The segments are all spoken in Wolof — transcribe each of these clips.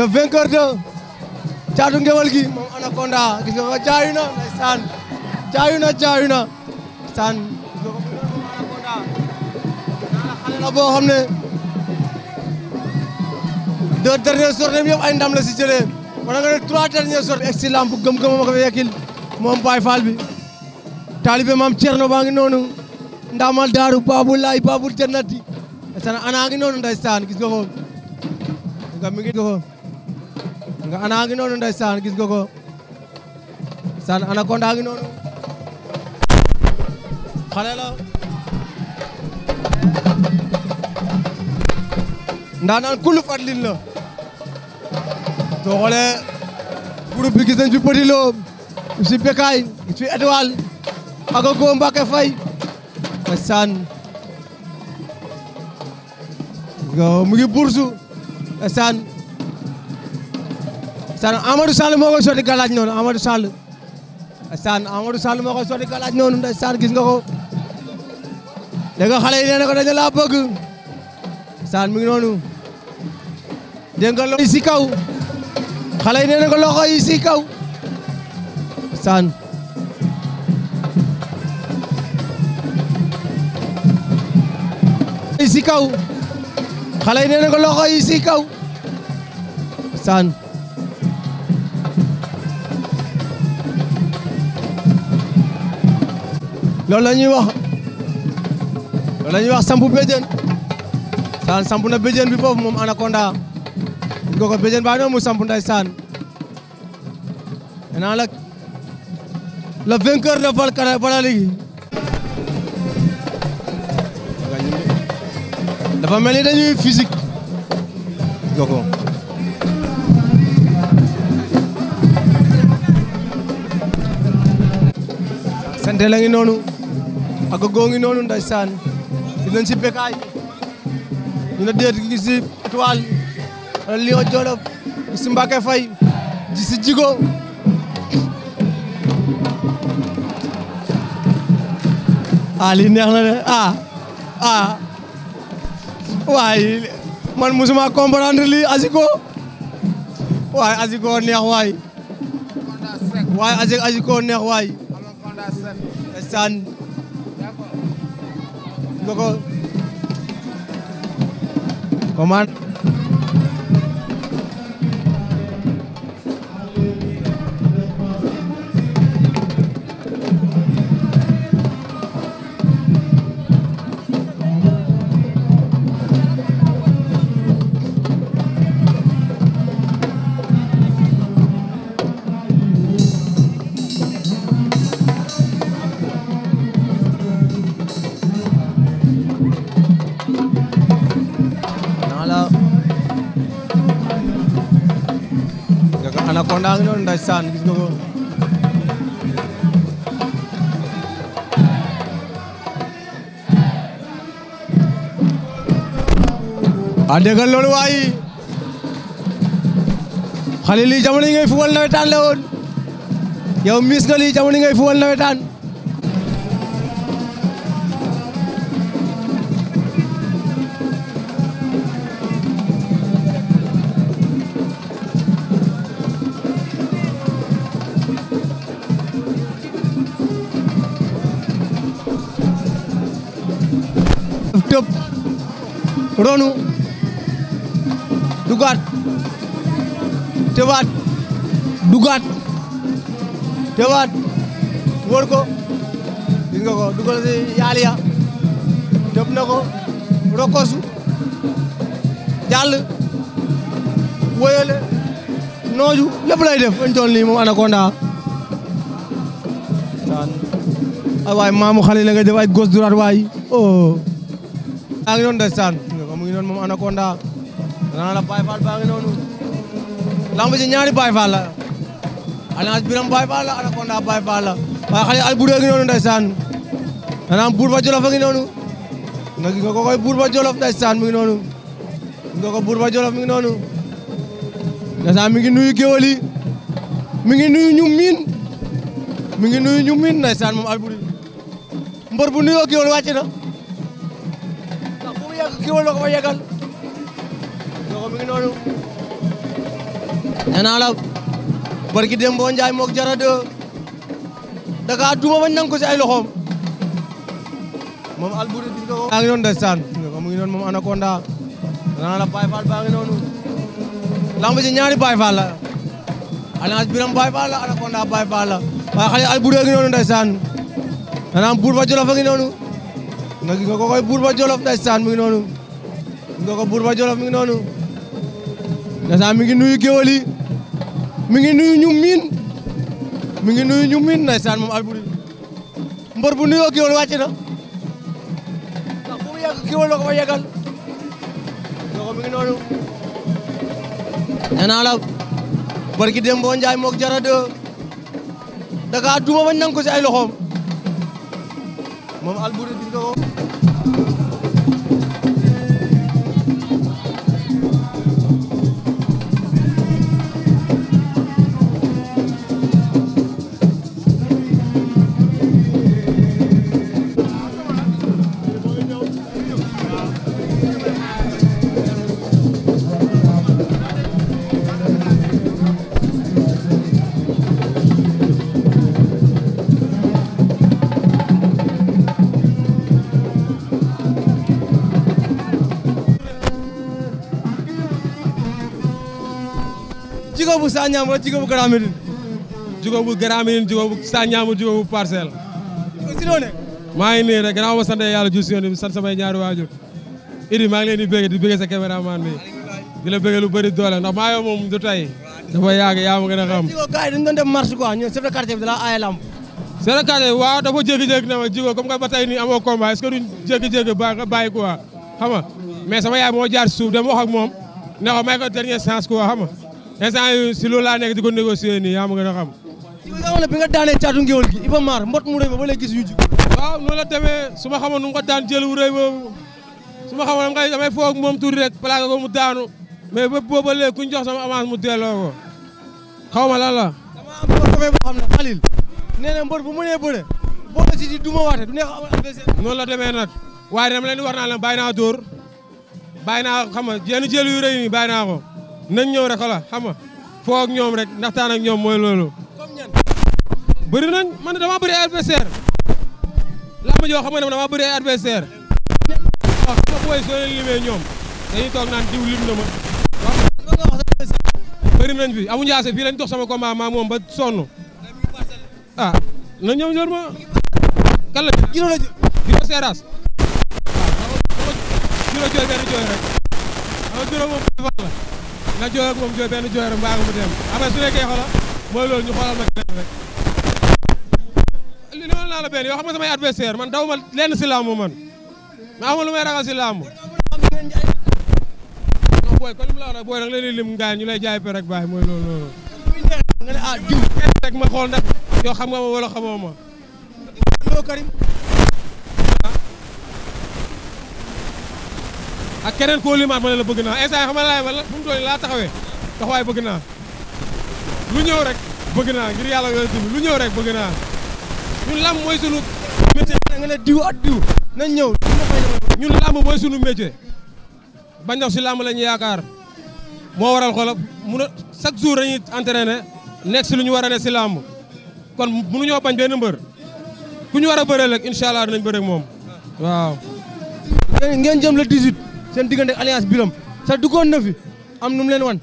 le vainqueur de caatu ngewal gi moom Anaconda gis nga ko jaayu na ndeysaan jaayu na jaayu na ndeysaan gis nga ko moom Anaconda daanaka xale la boo xam ne deux dernières sorties ay ndam la si jëlee wala nga ne trois dernières sorties excellent bu gëm-gëm ma ko fi yekkil moom Baye Fall bi taalibe maam Thierno baa ngi noonu ndaamal daaru gis nga nga ana ngi noonu ndeysaan gis nga ko saan anaconda ngi noonu xale la ndaanaan kuluf at lin la soo xoolee groupe bi si Bekaay gis fi Étoile ak Agogo Mbacke Faye ndeysaan nga mu ngi bursu ndeysaan saan Amadou Sall moo koy sotti galaaj noonu Amadou Sall saan Amadou Sall moo koy sotti galaaj noonu ndeysaan gis nga ko dégg nga xale yi nee na ko dañu laa bëgg saan mi kaw xale yi nee na ko loxo yi si kaw saan yi kaw xale yi nee na ko loxo kaw saan loolu la ñuy wax la ñuy wax sampu béjjén saan sampu na béjjén bi foofu moom anaconda ko ko béjjén baa noonu mu sampu nday saan maintenant la le vainqueur de Valkara Valaligi dafa mel ni dañuy physique gogo sante noonu ak goo ngi noonu ndeysaan dinañ si bekaay ñu ne déet gi si étoile wala lion jolof gi si Mbacke Faye gi si jigo ah lii neex na de ah ah man musuma comprendre lii asiko waaye asiko neex waay waaye asiko neex waay ndeysaan nga ko commande ndeysaan gis nga ko a ah, déggal loolu waay xale lii jamono yi ngay fuwal nawetaan la woon yow miis nga lii jamono yi ngay fuwal nawetaan tëb ronu dugaat tëbaat dugaat tëbaat wër ko gis nga ko dugal si yaali ya na ko rokosu jàll wóyale nooju lépp lay def ñu toll nii moom anaconda ay waay maamu xale la nga def ay gos duraat waay oh maa ngi noonu ndeysaan mu ngi noonu moom anaconda danaa la Baye Fall baa ngi noonu lamb ji ñaari Baye Fall la Alliance Birame Baye Fall la anaconda Baye Fall la waaye xale Alboury ngi noonu ndeysaan danaa buur ba Jolof a noonu nga gis nga ko ba Jolof ndeysaan mi ngi noonu nga ko buur ba Jolof mi ngi noonu ndeysaan mi ngi nuyu géwël yi ngi nuyu ñu miin mi ngi nuyu ñu miin ndeysaan moom Alboury mbër bu nuyoo géwël wàcc ndax kiiwal na ko fa yegal loxo mi ngi noonu nee naa barki Dembo Ndiaye moog Jara de daga duma bañ nang ko si ay loxoom moom Alboury gis nga ko yaa ngi noonu ndeysaan mu ngi noonu moom Anaconda nee naa la Baye Fall baa ngi noonu lamb ji ñaari Baye Fall la Alliance Birame Baye Fall la Anaconda Baye Fall la waaye xale Alboury a ngi noonu ndeysaan nee naa buur ba Jolof ngi noonu nga gis nga ko buur ba jolof ndeysaan mi ngi noonu gis nga ko buur ba jolof mi ngi noonu ndeysaan mi ngi nuyu géwël yi mi ngi nuyu ñu miin mi ngi nuyu ñu miin ndeysaan moom Alboury mbër bu nuyoo géwël wàcc na ndax bu géwël la ko fa yeggal nga ko mi ngi noonu nee naa la barki dem boo njaay mook jara de da kaa nang ko si ay loxoom moom Alboury gis nga ko Thank you. bu Sandiama wala jigo bu Grand Médine jigo bu Grand Médine jigo bu Sandiama jigo bu Parcelles si loo nekk maa ngi nii sant yàlla ju siyoon Idi maa leen di bëgg di bëgg sa caméraman bi di la bëgg lu bëri doole ndax maa yow moom du tey dafa yàgg yaa ma gën a xam jigo gars yi dañu doon dem marche quoi ñoom bi da la aaye lamb chef bi waaw dafa jékki-jékki na jigo comme nga ba tey nii amoo combat est-ce que duñ jékki-jékki ba nga bàyyi quoi xam nga mais sama yaay moo jaar suuf dem wax ak moom instant yi si loolu laa nekk di ko négocier nii yaa ma gën a xam. bi nga xam ne bi nga daanee caatu Iba Mar mbot mu rëy ba ba léegi gis la demee su nu mu ko daan jël wu rëy boobu su ma xamoon ngay damay foog moom tuuti rek plaqué ko mu daanu mais ba booba ku ñu jox sama avance mu delloo ko xaw ma lan la. dama am xam na mbot bu mënee bëre boo la duma waate du neex amal adversaire. noonu la demee nag waaye dama leen di war naa leen bàyyi naa dóor bàyyi naa xam nga yenn jël yu rëy nii ko nañ ñëw rek wala xam nga ñoom rek ndaxtaan ak ñoom mooy loolu. comme nañ man damaa bëri ay adversaire làmb joo xam nga ne damaa ay adversaire waaw nañ fi amu njaase fii lañ dox sama combat maa moom ba sonn ah na ñëw ma kan jiro la jiro seeraas na jooy ak moom jooy benn jooy rek mbaa mu dem après su nekkee xoola mooy loolu ñu xoolal ma keneen rek li noonu naa la benn yoo xam nga samay adversaire man daw ma lenn si man ma amul lu may ragal si booy kon li mu la wax booy nag leen lim gaañ ñu lay jaay pe rek bàyyi mooy loolu loolu nga ne ah ma xool ndax xam ak keneen koo limaat ma ne la bëgg naa instant xam nga laay ma bu mu toll laa taxawee taxawaay bëgg naa lu ñëw rek bëgg naa ngir lu ñëw rek bëgg naa ñun làmb mooy sunu métier nga ne diw ñëw ñun làmb mooy sunu métier bañ dox si làmb la ñu yaakaar moo waral xoolal mun a chaque jour dañuy entraîné nekk si lu ñu war a ne si làmb kon mënuñoo bañ benn mbër ku ñu war a bëree rek incha allah dinañ bëre moom waaw. ngeen jëm le 18. seen diggante alliance biram sa duggoon na am nu mu leen wan.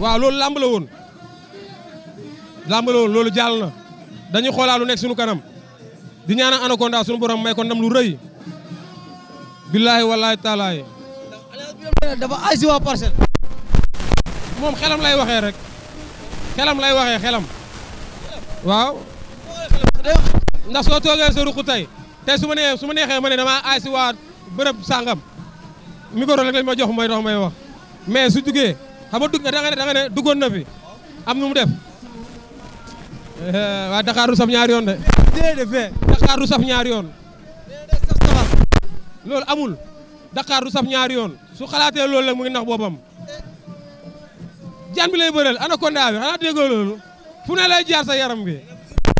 waaw loolu làmb woon làmb la woon loolu jàll na dañuy xoolaa lu nekk suñu kanam di ñaanal anaconda suñu borom may ko ndam lu rëy billaahi wallaahi taalaahi. dafa aay si waa parcelle. moom xelam lay waxee rek xelam lay waxee xelam. waaw. ndax soo toogee sa ruq tey tey su ma nee su ma neexee ma ne damaa aay si waa bërëb sàngam. micro rek lañ ma jox mooy dox may wax mais su duggee xam nga dugg nga da nga duggoon na fi am mu def eh, waa Dakar du saf ñaari yoon de. déedéet Dakar du saf ñaari yoon. loolu amul Dakar du saf ñaari yoon su xalaatee lool la mu ngi nax boppam jaan bi lay ana kondaa bi xanaa déggoo loolu fu ne lay jaar sa yaram bi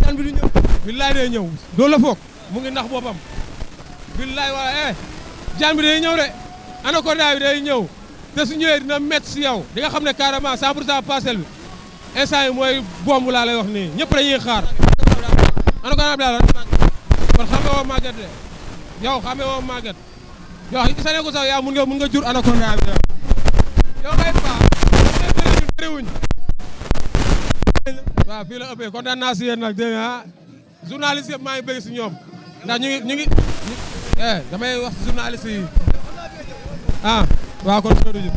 jaan bi du ñëw billaay day ñëw doo la foog mu ngi nax boppam billaay wala eh jaan bi day de anaconda bi day ñëw te su ñëwee dina métti si yow di nga xam ne carrément 100 pour 100 parcelle bi instant yi mooy bomb laa lay wax nii ñëpp dañuy xaar. anaconda bi daal kon xam nga woo màgget de yow xam nga woo màgget yow sa ne ko sax yaa mun nga mun nga yow kay faa bëriwuñ waaw fii la ëppee kontaan naa si yéen ah. maa ngi bëgg si ñoom ndax ñu ñu ngi eh, damay wax si journaliste ah waaw kon Seydou Diouf.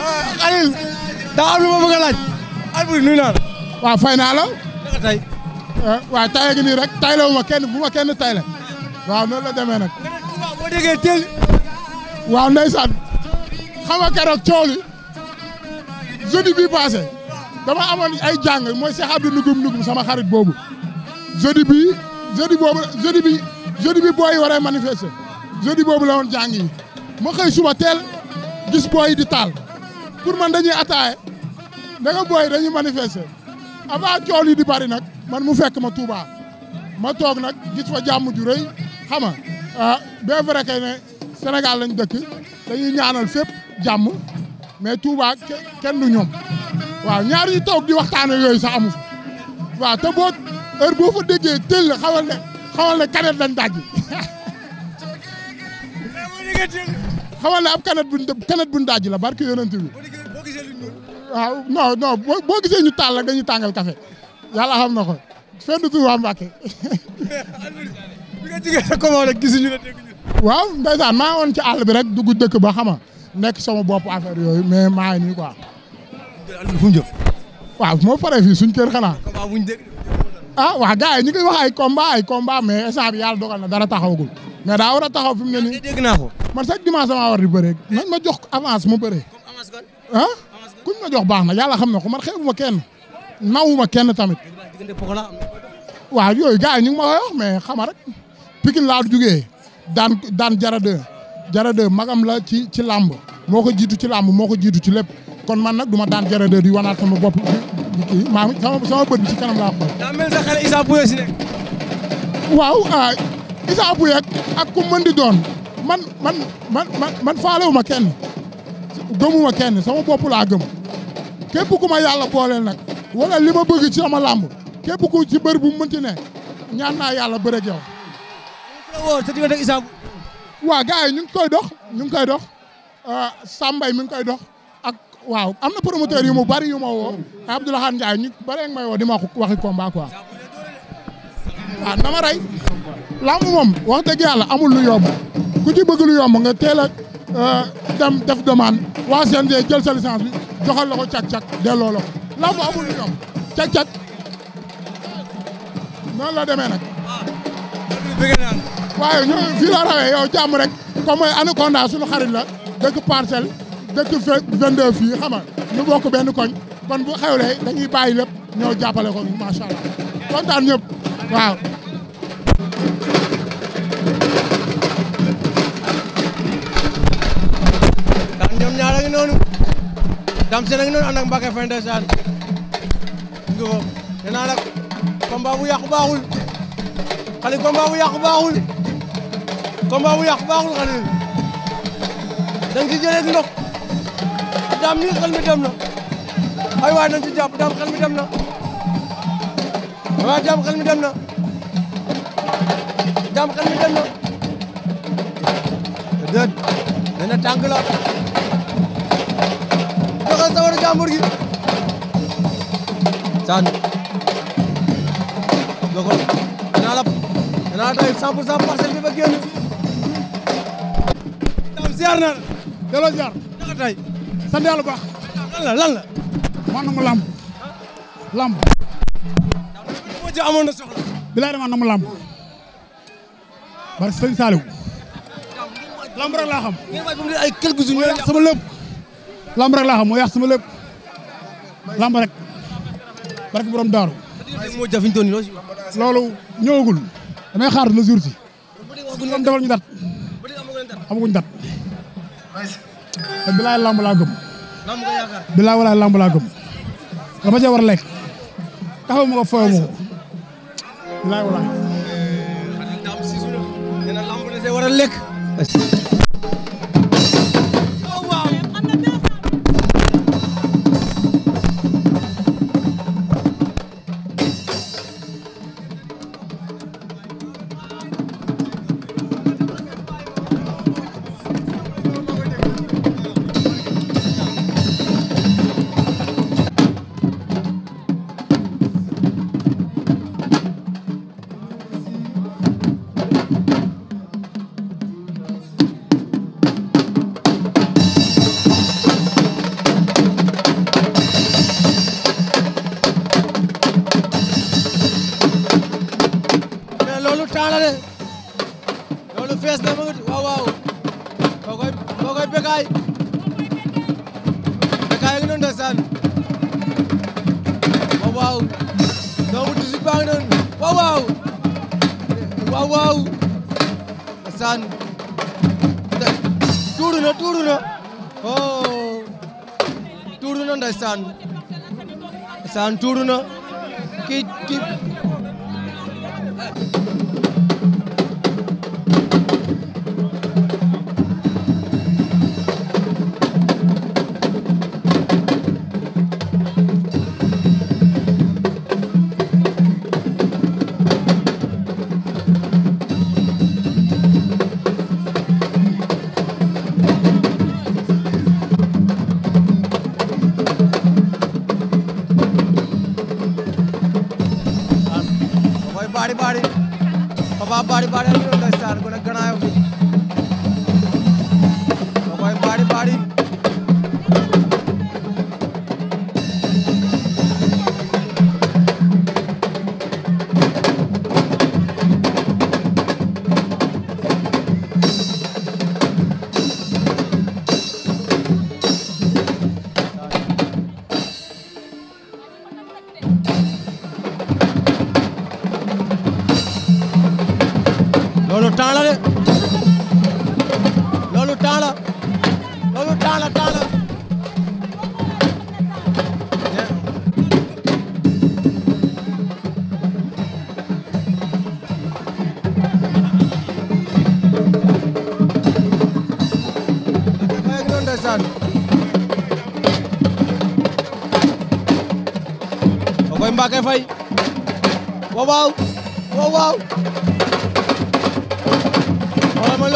Ah, Aliou. lu ma bëgg a laaj. Aliou nuyu naa la. waaw fay ah, tayee gi nii rek tayloo ma kenn bu ma kenn tayle. waaw noonu la demee nag. waaw boo déggee teel. waaw ndeysaan. xam nga keroog coow li bii passé dama amoon ay jàng mooy Cheikh Abdou Ndougoum Ndougoum sama xarit boobu jeudi bii jeudi boobu jeudi bi jeudi bi booy yi waree manifester jeudi boobu la woon jàng yi ma suba teel gis booy yi di taal pour man dañuy ataaye da nga booy dañuy manifester avant coow yi di bari nag man mu fekk ma Touba ma toog nag gis fa jàmm ju rëy xam nga ah bien vrai que ne Sénégal lañ dëkk dañuy ñaanal fépp jàmm mais Touba kenn du ñoom waaw ñaar yi toog di waxtaane yooyu sax amu fa waaw te boo heure boo fa déggee teel la xawal xamal na kanet lañ daaj xamal ne ab kanet buñ kanet buñ daaj la barke yonent bi waaw non non boo gisee ñu taal la dañuy tàngal café yàlla xam na ko fenn du waa Mbàkke bi nga jigéen ci àll bi rek dugg dëkk ba xama nekk sama bopp affaire yooyu mais maa nii quoi fu mu moo paree fii suñ kër ah waa gars yi ñu ngi wax ay combat ay combat mais instant yàlla dogal na dara taxawagul mais daa war a taxaw fi ne nii. dégg naa ko. man chaque dimanche damaa war di bëree man ma jox avance ma bëree. avance gan. ah kuñ ma jox baax na yàlla xam na ko man xeebu ma kenn nawu ma kenn tamit. waaw yooyu gars yi ñu ngi ma koy wax mais xama rek Pikine laa jugee daan daan jara deux jara deux magam la ci ci làmb moo ko jiitu ci làmb moo ko jiitu ci lépp. kon man nag du ma daan jaradeur yi wanaat sama bopp di kii maa sama sama bët bi ci kanam laa xool. daa mel sa xale Issa Pouye ah, ak ku mën doon man man man man man faalewuma kenn gëmuma kenn sama bopp laa gëm képp ku ma yàlla booleel nag wala li ma bëgg ci sama làmb képp ku ci bër bu mënti ne ñaan naa yàlla bëreeg yow. waa gars yi ñu ngi koy dox ñu ngi koy dox ah, Sambay mi ngi koy dox. waaw am na promoteur yu mu bari yu ma woo Abdoulaye Ndiaye ñu bari ak may woo di ma waxi combat quoi waaw na ma rey lamb moom wax dëgg yàlla amul lu yomb ku ci bëgg lu yomb nga teela a euh, dem def demande waa CNG jël sa licence bi joxal la ko càq-càq delloo la ko lamb amul lu yomb càq-càq noonu la demee nag. waaye ñoo fii la rawee yow jàmm rek comme mooy Anaconda suñu xarit la dëkk parcelle. dëkk vingt-deux fii xam nga ñu bokk benn koñ kon bu xewlee dañuy bàyyi lépp ñëw jàppale ko macha allah kontaan ñëpp waaw. ndax ñoom ñaar ngi noonu. dam seen noonu ànd ak Mbacke Faye ndeysaan. gis nga ko nee naa la combat bu yàqu baaxul. xale bu yàqu baaxul. combat bu yàqu baaxul xale. da nga ndox. daam mi xel mi dem na ay waay nañ ci jàpp daam xel mi dem na waaw daam xel mi dem na daam xel mi dem na déet dana tànk la joxe sawar a jàmbur gi sànni doxal danaa la danaa doy 100 pour 100 parcelle bi ba génn. daam ziar na la. delloo ziar naka tey. sant yàlla bu baax. lan la lan la. maa nangu lamb. lamb. moo ci amoon na soxla. bilaay dama nangu lamb. bari sëñ Saliou. lamb rek laa xam. ay quelques jours yàq sama lépp. lamb rek laa xam moo yàq sama lépp. lamb rek. barke borom daaru. loolu ñëwagul. damay xaar le jour ci. am defal ñu dat. amaguñ dat. te bilaay lamb laa bilaay walaay lamb laa gëm. dama cee war a lekk. taxaw ma ko bilaay walaay. Eh, saan na ki ki temps la de.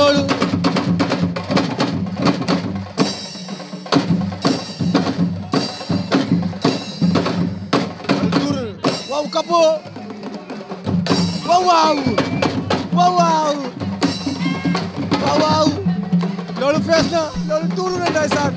loolu waaw kapo waaw waaw loolu fees na loolu tuuru na ndeysaan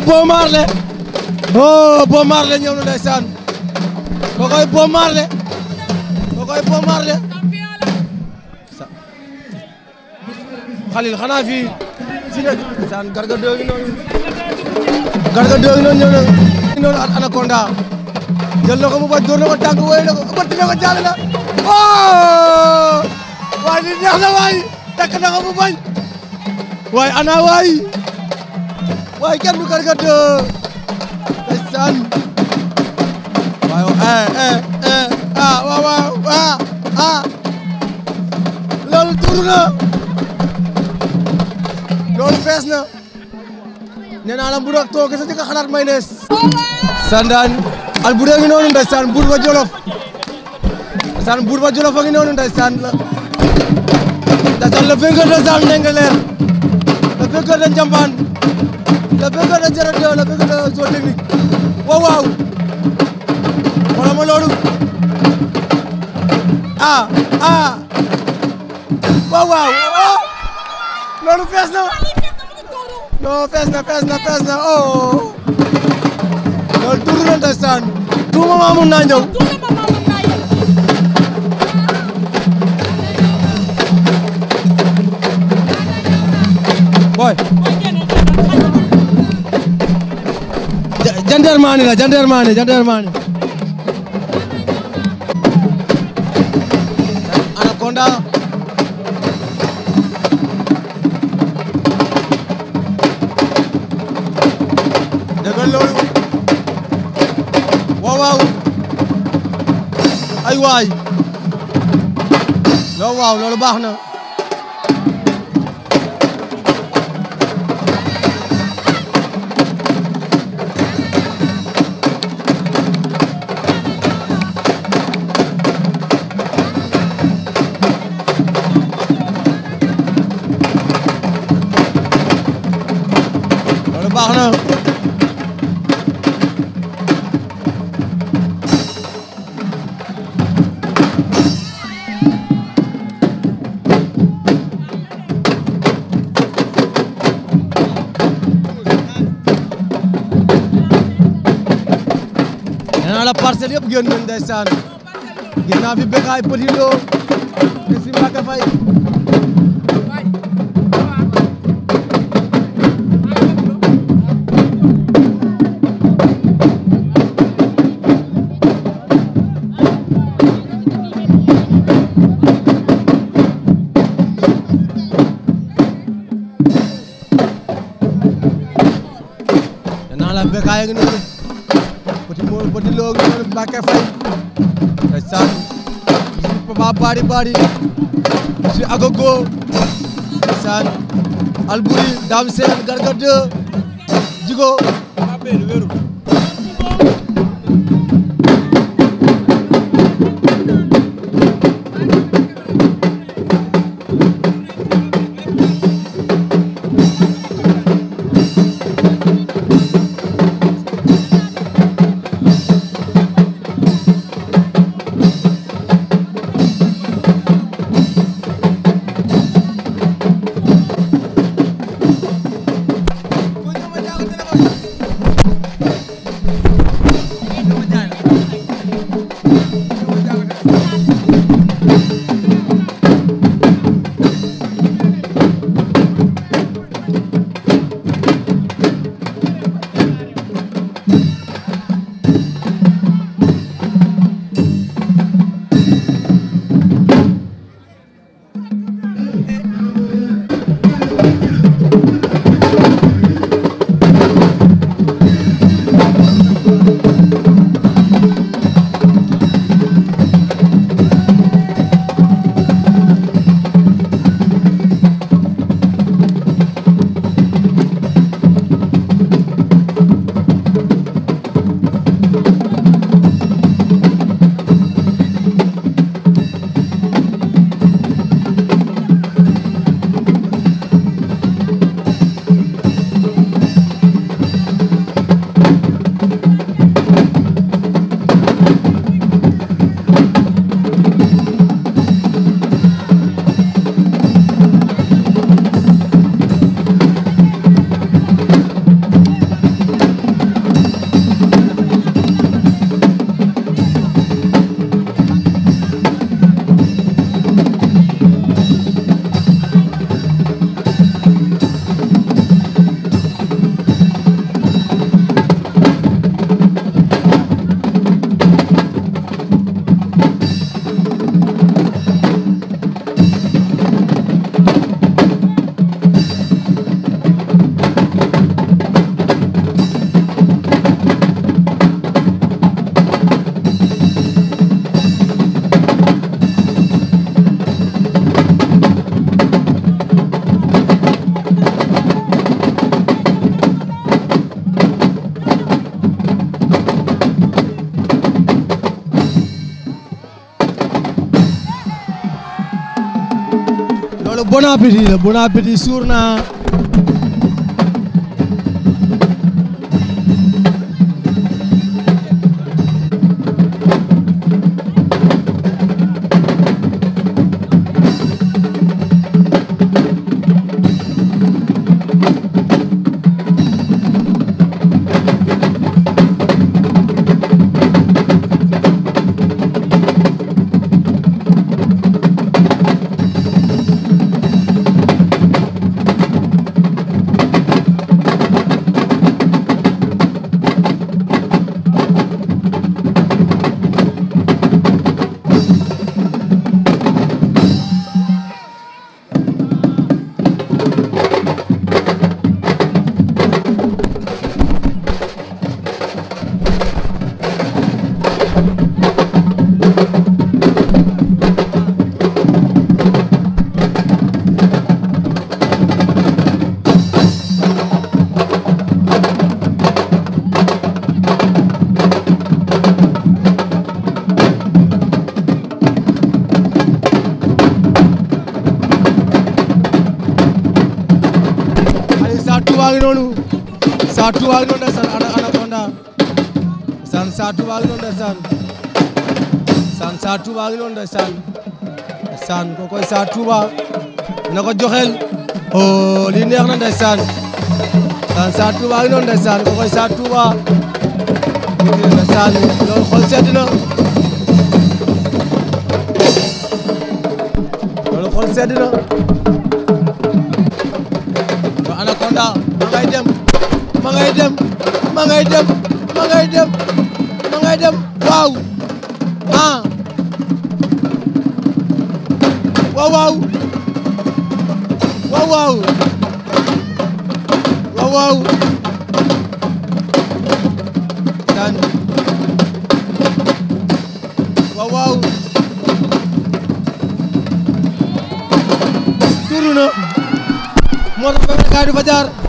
na Boy Marley oh Boy Marley ñëw na ndeysaan kokoy Boy Marley kokoy Boy Marley xalil xanaa fii si ne saan garga doogi noonu garga doogi noonu ñëw na noonu at anaconda jël na ko mu bañ door na ko tànk wéy na ko bëtt na ko jàll na oh waaye li neex na waay na mu bañ waaye ana waay waaye kenn du Garga 2 euh, ndeysaan waaw eh eh eh ah waaw waaw ah. fees na nee naa la mburu ak too gis nga ci xalaat may nees. al bu dee ngi noonu ndeysaan buur ba Jolof ndeysaan buur ba Jolof a ngi noonu ndeysaan la ndeysaan le vainqueur de Zal Ndingler le vainqueur le bëgg na Ndiara Théo le bëgg na zone technique waaw waaw xoolal ma loolu ah ah waaw oh. na non fees na fees na fees na oh loolu tur na ndeysaan tout moment mun naa ñëw. jandarmaani la jandarmaani jandarmaani anaconda dégg loolu waaw waaw ay waay loolu waaw loolu baax na baax na nee naa la parcelle yëpp génn nañ ndeysaan gis naa fi Bécaye Petit Lo gis fi Mbacké Faye gaa ngi noonu Petit Modou Petit Lo ngi noonu Mbacké Faye ndeysaan monsieur Papa Bari Bari monsieur Agogo ndeysaan Albouri Dame Sène bon appétit la bon appétit suur naa ndeysaan Sa Touba ngi noonu ndeysaan ndeysaan Sa Touba ngi noonu ndeysaan ndeysaan ko koy Sa Touba na ko joxel oh li neex na ndeysaan ndeysaan Sa Touba ngi noonu ndeysaan ko koy Sa Touba ndeysaan loolu xol sedd na loolu xol sedd na Anaconda ma ngay dem ma ngay dem ma ngay dem ma ngay dem dem waaw ah waaw waaw waaw waaw waaw waaw daan waaw waaw tuuru na moo tax Bébé Kaye du fa jaar